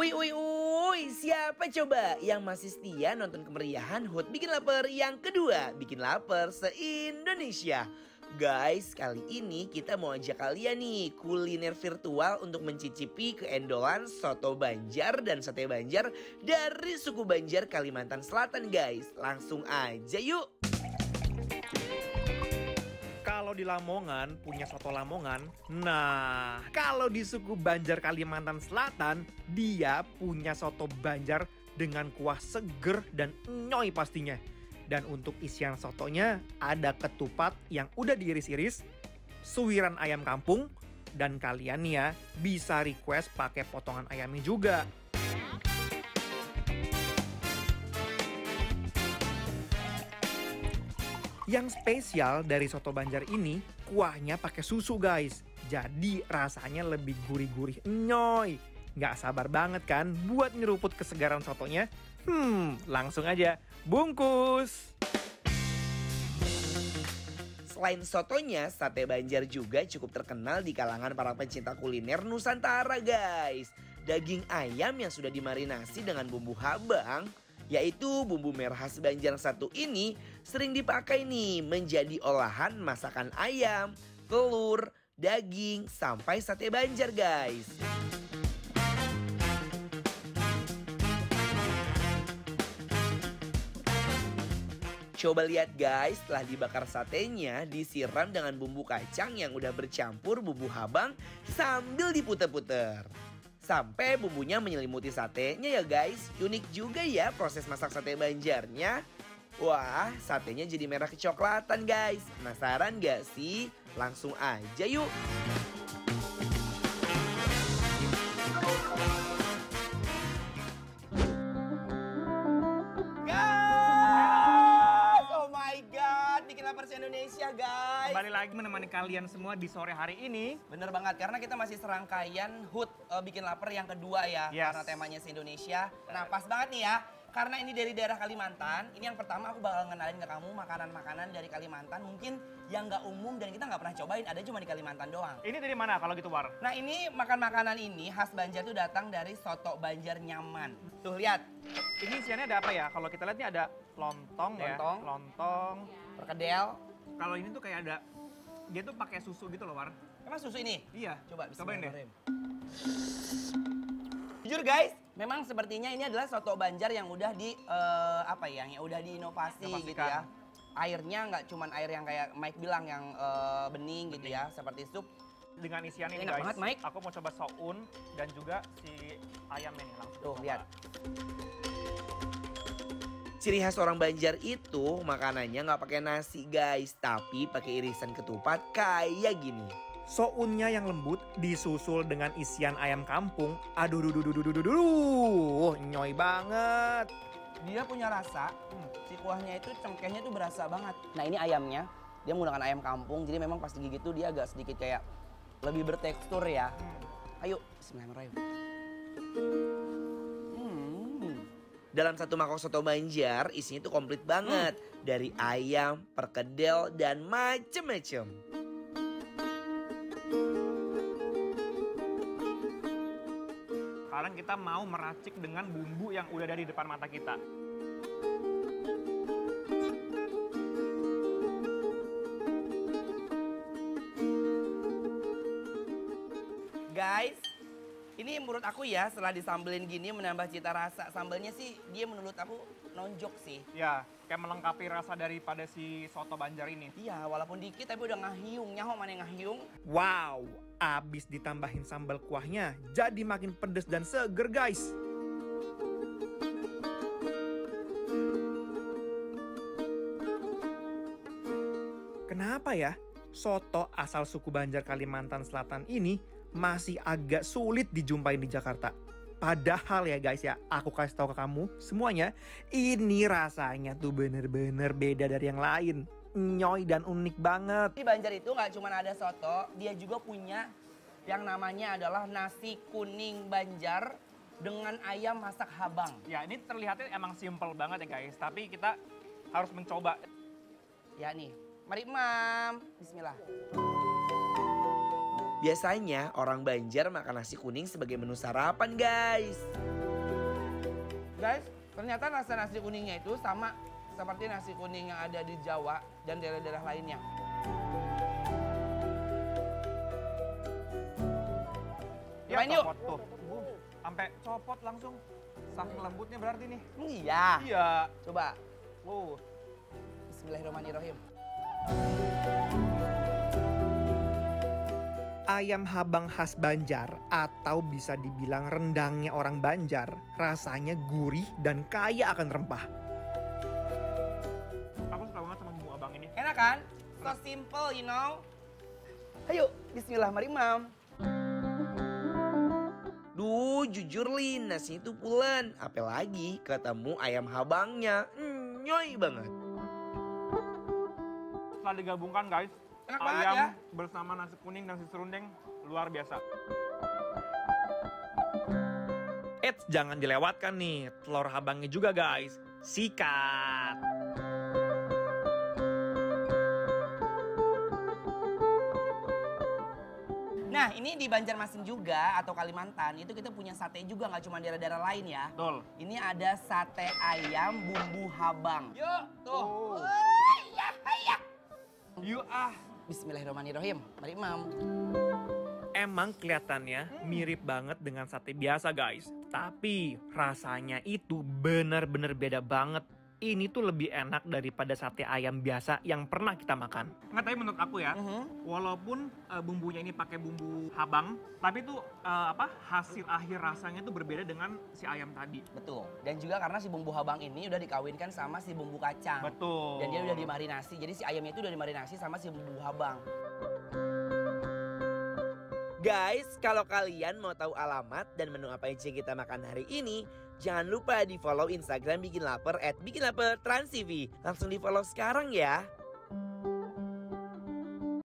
Wih, wih, wih, siapa coba yang masih setia nonton kemeriahan HUT Bikin Lapar yang kedua, Bikin Lapar se-Indonesia. Guys, kali ini kita mau ajak kalian nih kuliner virtual untuk mencicipi keendolan soto Banjar dan sate Banjar dari suku Banjar Kalimantan Selatan guys. Langsung aja yuk kalau di Lamongan punya soto Lamongan. Nah, kalau di suku Banjar Kalimantan Selatan, dia punya soto Banjar dengan kuah seger dan nyoy pastinya. Dan untuk isian sotonya ada ketupat yang udah diiris-iris, suwiran ayam kampung, dan kalian ya bisa request pakai potongan ayamnya juga. Yang spesial dari soto Banjar ini, kuahnya pakai susu guys. Jadi rasanya lebih gurih-gurih nyoy Nggak sabar banget kan buat nyeruput kesegaran sotonya? Hmm, langsung aja bungkus. Selain sotonya, sate Banjar juga cukup terkenal di kalangan para pencinta kuliner Nusantara guys. Daging ayam yang sudah dimarinasi dengan bumbu habang, yaitu bumbu merah khas Banjar satu ini sering dipakai nih menjadi olahan masakan ayam, telur, daging, sampai sate banjar guys. Coba lihat guys, setelah dibakar satenya, disiram dengan bumbu kacang yang udah bercampur bumbu habang sambil diputer-puter. Sampai bumbunya menyelimuti satenya ya guys. Unik juga ya proses masak sate banjarnya. Wah, satenya jadi merah kecoklatan guys. Penasaran gak sih? Langsung aja yuk. oh bikin lapar si Indonesia guys. Kembali lagi menemani kalian semua di sore hari ini. Bener banget, karena kita masih serangkaian HUT uh, Bikin Lapar yang kedua ya. Yes. Karena temanya si Indonesia. Nah pas banget nih ya, karena ini dari daerah Kalimantan, ini yang pertama aku bakal ngenalin ke kamu makanan-makanan dari Kalimantan mungkin yang nggak umum dan kita nggak pernah cobain, ada cuma di Kalimantan doang. Ini dari mana kalau gitu War? Nah ini makan-makanan ini khas Banjar itu datang dari Soto Banjar Nyaman. Tuh lihat. Ini isiannya ada apa ya? Kalau kita lihat ini ada lontong, ya. lontong. ya, lontong, perkedel. Kalau ini tuh kayak ada, dia tuh pakai susu gitu loh War. Emang susu ini? Iya. Coba, cobain deh. Jujur guys, memang sepertinya ini adalah soto Banjar yang udah di uh, apa ya, yang udah diinovasi gitu ya. Airnya nggak cuman air yang kayak Mike bilang yang uh, eh, bening, bening gitu ya, seperti sup. Dengan isian ini Enak guys, banget, aku mau coba soun dan juga si ayam ini langsung. Tuh, lihat. Ciri khas orang Banjar itu makanannya nggak pakai nasi guys, tapi pakai irisan ketupat kayak gini. Sounnya yang lembut disusul dengan isian ayam kampung. Aduh, duh, duh, duh, duh, duh, duh, duh, nyoy banget. Dia punya rasa, hmm, si kuahnya itu cengkehnya itu berasa banget. Nah ini ayamnya, dia menggunakan ayam kampung, jadi memang pas digigit tuh dia agak sedikit kayak lebih bertekstur ya. Hmm. Ayo, Bismillahirrahmanirrahim. Hmm. Dalam satu mangkok soto Banjar, isinya tuh komplit banget. Hmm. Dari ayam, perkedel, dan macem-macem. sekarang kita mau meracik dengan bumbu yang udah dari depan mata kita. Guys, ini menurut aku ya setelah disambelin gini menambah cita rasa. Sambelnya sih dia menurut aku nonjok sih. Ya, kayak melengkapi rasa daripada si soto banjar ini. Iya, walaupun dikit tapi udah ngahiung. Nyaho mana yang ngahiung. Wow, Abis ditambahin sambal kuahnya, jadi makin pedes dan seger guys. Kenapa ya? Soto asal suku Banjar Kalimantan Selatan ini masih agak sulit dijumpai di Jakarta. Padahal ya guys ya, aku kasih tahu ke kamu semuanya, ini rasanya tuh bener-bener beda dari yang lain nyoy dan unik banget. Di Banjar itu nggak cuma ada soto, dia juga punya yang namanya adalah nasi kuning Banjar dengan ayam masak habang. Ya ini terlihatnya emang simple banget ya guys, tapi kita harus mencoba. Ya nih, mari mam, bismillah. Biasanya orang Banjar makan nasi kuning sebagai menu sarapan guys. Guys, ternyata rasa nasi kuningnya itu sama seperti nasi kuning yang ada di Jawa dan daerah-daerah lainnya. Ya, Main yuk. Tuh. Sampai uh, copot langsung. Saking lembutnya berarti nih. Iya. Iya. Coba. Uh. Bismillahirrahmanirrahim. Ayam habang khas Banjar atau bisa dibilang rendangnya orang Banjar rasanya gurih dan kaya akan rempah. Enak kan? So simple, you know. Ayo, bismillah mari mam. Duh, jujur Lin, nasi itu pulen. Apalagi ketemu ayam habangnya. Mm, nyoy banget. Setelah digabungkan guys, Enak ayam ya? bersama nasi kuning dan nasi serundeng luar biasa. Eits, jangan dilewatkan nih telur habangnya juga guys. Sikat! Nah ini di Banjarmasin juga atau Kalimantan itu kita punya sate juga nggak cuma daerah-daerah lain ya. Betul. Ini ada sate ayam bumbu habang. Yuk tuh. Oh. Yuk ah. Iya, iya. Bismillahirrahmanirrahim. Mari Imam. Emang kelihatannya hmm. mirip banget dengan sate biasa guys. Tapi rasanya itu benar-benar beda banget ini tuh lebih enak daripada sate ayam biasa yang pernah kita makan. Nggak, tapi menurut aku ya, uh-huh. walaupun uh, bumbunya ini pakai bumbu habang, tapi tuh uh, apa hasil akhir rasanya tuh berbeda dengan si ayam tadi. Betul. Dan juga karena si bumbu habang ini udah dikawinkan sama si bumbu kacang. Betul. Dan dia udah dimarinasi. Jadi si ayamnya itu udah dimarinasi sama si bumbu habang. Guys, kalau kalian mau tahu alamat dan menu apa aja kita makan hari ini, Jangan lupa di follow Instagram Bikin Lapar at Bikin Lapar Trans TV. Langsung di follow sekarang ya.